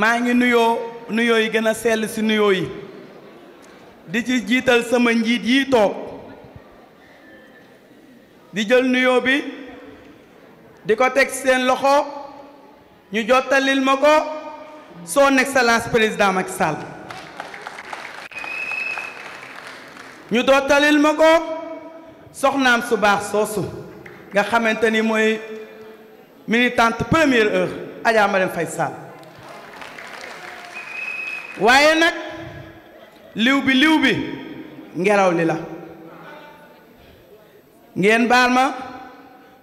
maa ngi nuyoo nuyoo yi gën a sell ci nuyoo yi di ci jiital sama njiit yi toog di jël nuyoo bi di ko teg seen loxo ñu jottalil ma ko soo son excellence président Macky Sall ñu dottalil ma ko soxnaam su baax soosu nga xamante ni mooy militante première heure Adja Marème Faye Sall waaye nag liw bi liw bi ngelaw li la ngeen baal ma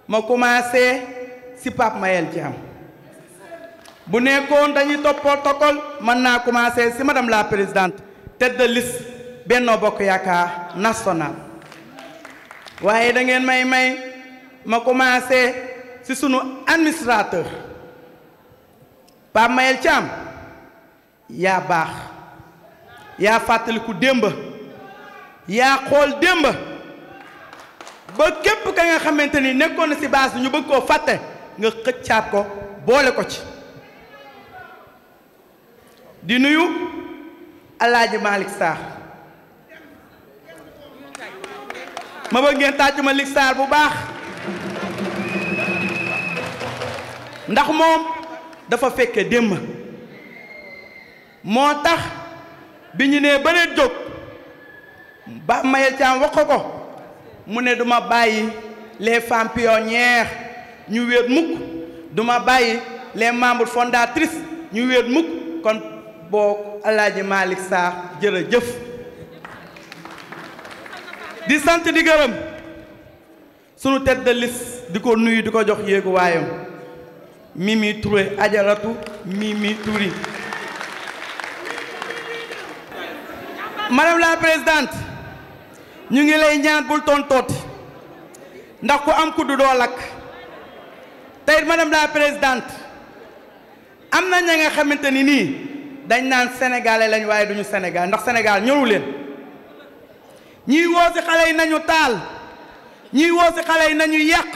ma commencé si Pape Mayel Thiam bu nekkoon dañuy toppoo tokkol mën naa commencé si madame la présidente te de benn Benno Bokk Yaakaar national waaye dangeen may may ma commencé si sunu administrateur Pape Mayel Thiam yaa baax yaa fàttaliku démba yaa xool démba ba képp ka nga xamante ni nekkoon na ci baas bi ñu bëgg koo fàtte nga xëccaat ko boole ko ci di nuyu alaaji Malick Sarr ma bëgg ngeen ma Malick bu baax ndax moom dafa fekke démb moo tax bi ñu nee ba leen jóg ba Mayel Thiam wax ko mu ne duma bàyyi les femmes pionnières ñu wéet mukk duma bàyyi les membres fondatrices ñu wéet mukk kon boo Alaaji Malick Sarr jëf di sant di gërëm sunu tête de di ko nuyu di ko jox yéegu waayam Mimi Touré ajaratu Mimi Touré madame la présidente ñu ngi lay ñaan bul tontooti ndax ku am kuddu doo lakk tey madame la présidente am na ña nga xamante ni nii dañ naan sénégalais lañu waaye duñu Sénégal ndax Sénégal ñëwu leen ñiy woo si xale yi nañu taal ñiy woo si xale yi nañu yàq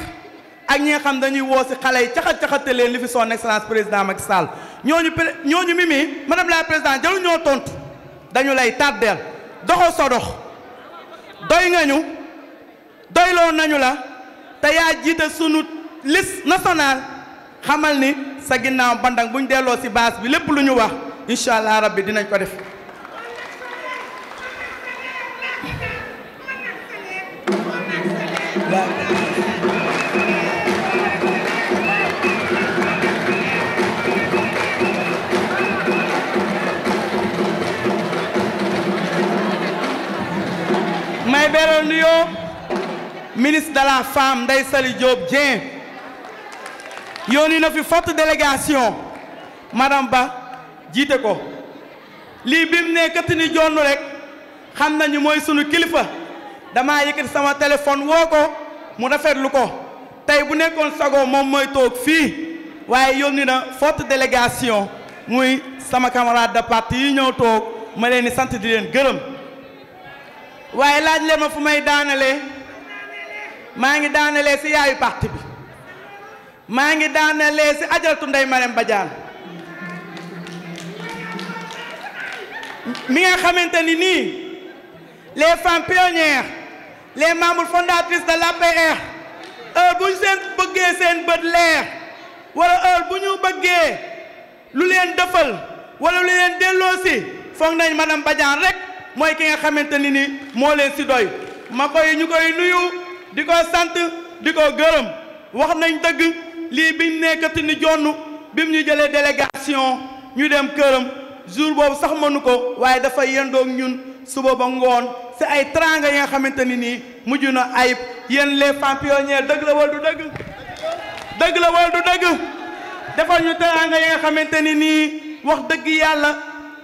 ak ñi nga xam dañuy woo si xale yi caxat caxate leen li fi son excellence président Macky Sall ñooñu ñooñu mimi madame la président jalu ñoo tontu. dañu lay tàddeel doxal sa doy nga ñu doyloo nañu la te yaa jiite sunu liste nationale xamal ni sa ginnaaw bandang buñ delloo ci base bi lépp lu ñu wax incha allah rabbi dinañ ko def ministre de la femme Ndeye Saly Diop yónni na fi forte délégation madame Ba jiite ko lii bi mu këtt ni jonn rek xam nañu mooy sunu kilifa dama yëkkati sama téléphone woo ko mu rafetlu ko tey bu nekkoon sago moom mooy toog fii waaye yónni na forte délégation muy sama camarade de parti yi ñëw toog ma leen di sant di leen gërëm waaye laaj leen ma fu may daanalee maa ngi daanalee ci yaayu parti bi maa ngi daanalee si ajartu Ndeye Marème Badiane mi nga xamante ni nii les femmes pionnières les membres fondatrices de l'APR heure bu ñu seen bëggee seen bët leer wala heure bu ñu bëggee lu leen dëfal wala lu leen delloosi foog nañ madame Badiane rek mooy ki nga xamante ni nii moo leen si doy ma koy ñu koy nuyu. di ko sant di ko gërëm wax nañ dëgg lii biñ nekkati ni jonn bi mu ñu jëlee délégation ñu dem këram jour boobu sax mënu ko waaye dafa yendoog ñun suba ba ngoon si ay tranga yi nga xamante ni nii mujj na ayib yéen les femmes dëgg la wal du dëgg dëgg la wal du ñu tranga yi nga xamante ni nii wax dëgg yàlla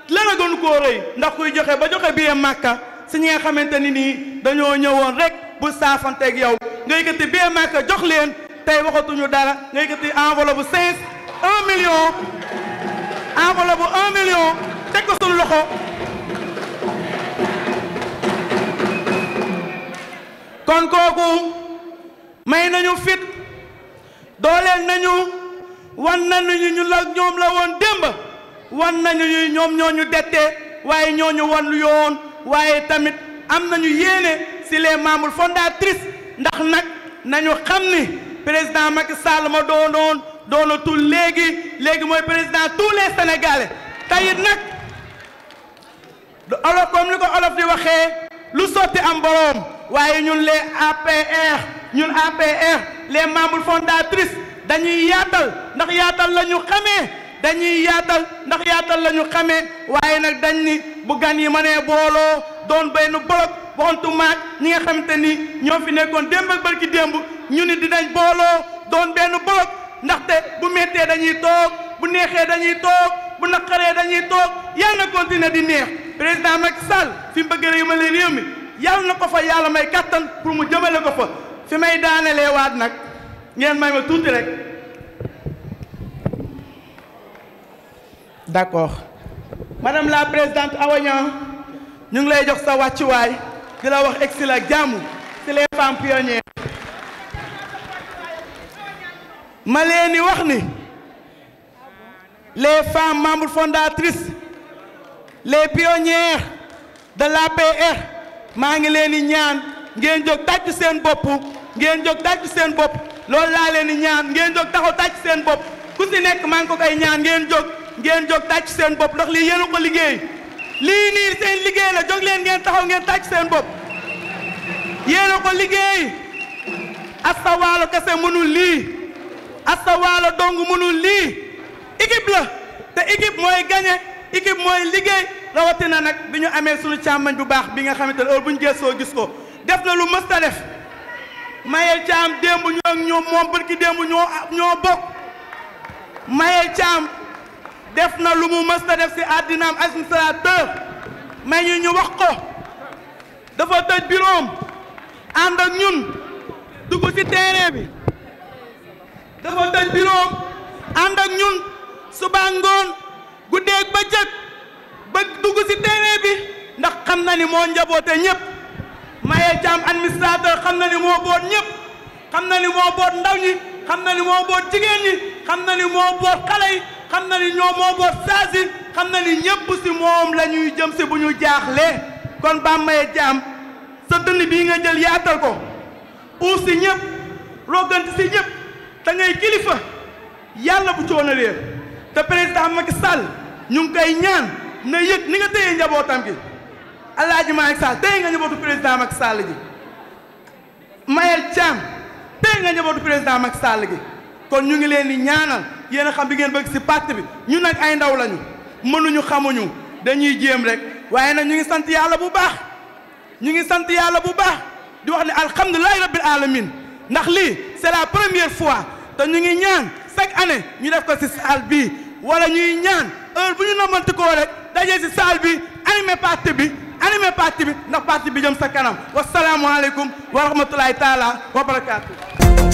la gën koo rëy ndax kuy joxe ba joxe bi màkka si ñi nga xamante ni nii dañoo ñëwoon rek bu saafanteeg yow nga yëkkati bee màkka jox leen tey waxatuñu dara nga yëkkati enveloppe bu 5 1 million enveloppe ko suñu loxo kon kooku may nañu fit dooleel nañu wan nañu ñu la ñoom la woon démb wan nañu ñu waaye ñoo ñu wan yoon waaye tamit am nañu yéene si les membres fondatrices ndax nag nañu xam ni président Macky Sall ma doonoon doonatul léegi léegi mooy président tous les sénégalais tey it nag olof comme ni ko olof di waxee lu sotti am boroom waaye ñun les APR ñun APR les membres fondatrices dañuy yaatal ndax yaatal lañu ñu xamee dañuy yaatal ndax yaatal lañu ñu xamee waaye nag dañ ni bu gan yi mënee booloo doon benn bloc waxantu maag ñi nga xamante ni ñoo fi nekkoon démb ak barki démb ñu ni dinañ booloo doon benn bloc ndaxte bu méttee dañuy toog bu neexee dañuy toog bu naqaree dañuy toog yàlla na continuer di neex président Macky Sall fi mu bëgg a yemale réew mi yàlla na ko fa yàlla may kattan pour mu jëmale ko fa fi may daanelee waat nag ngeen may ma tuuti rek. d'accord madame la présidente Awa ñu ngi lay jox sa wàccuwaay. di la wax egsi la jàmm ci les femmes pionnières ma leen di wax ni les femmes membres fondatrices les pionnières de l'APR maa ngi leen di ñaan ngeen jóg tàcc seen bopp ngeen jóg tàcc seen bopp loolu laa leen di ñaan ngeen jóg taxaw tàcc seen bopp ku si nekk maa ngi ko koy ñaan ngeen jóg ngeen jóg tàcc seen bopp ndax lii yéen a ko liggéey lii nii seen liggéey la jóg leen ngeen taxaw ngeen tàcc seen bopp yéen ko liggéey asta waalo kese mënul lii asta waalo dong mënul lii équipe la te équipe mooy gagné équipe mooy liggéey rawatina nag bi ñu amee suñu càmmañ bu baax bi nga xamante ne heure bu ñu gëstoo gis ko def na lu mës ta def Mayel Thiam démb ñoo ak ñoom moom bërki démb ñoo ñoo bokk Mayel Thiam def na lu mu mës def si àddinaam administrateur mais ñu ñu wax ko dafa tëj bureau am ak ñun dugg si terrain bi dafa tëj bureau am ànd ak ñun suba ngoon guddeeg ba jëkk ba dugg si terrain bi ndax xam na ni moo njaboote ñëpp maye jaam administrateur xam na ni moo boot ñëpp xam na ni moo boot ndaw ñi xam na ni moo boot jigéen ñi xam na ni moo boot xale yi xan na ni ñoom moo boot saasin xam na ni ñépp si moom la ñuy jëm si bu ñu jaaxle kon bàmmaye jaam sa dënn bii nga jël yaatal ko uus si ñépp rogganti si ñépp da ngay kilifa yàlla bu coono réer te président Macky Sall ñu ngi koy ñaan na yëg ni nga téye njabootam gi Alaaji Maalik Sall téye nga njabootu président Macky Sall gi Mayel Thiam téye nga njabootu président Macky sal gi kon ñu ngi leen di ñaanal yéen a xam bi ngeen bëgg ci pacte bi ñu nag ay ndaw lañu mënuñu xamuñu dañuy jéem rek waaye nag ñu ngi sant yàlla bu baax ñu ngi sant yàlla bu baax di wax ne alhamdulilahi rabbil alamin ndax lii c'est la première fois te ñu ngi ñaan chaque année ñu def ko ci salle bi wala ñuy ñaan heure bu ñu namante koo rek dajee ci salle bi animé parti bi animé parti bi ndax parti bi jëm sa kanam wasalaamualeykum wa rahmatulahi taala wa barakaatu.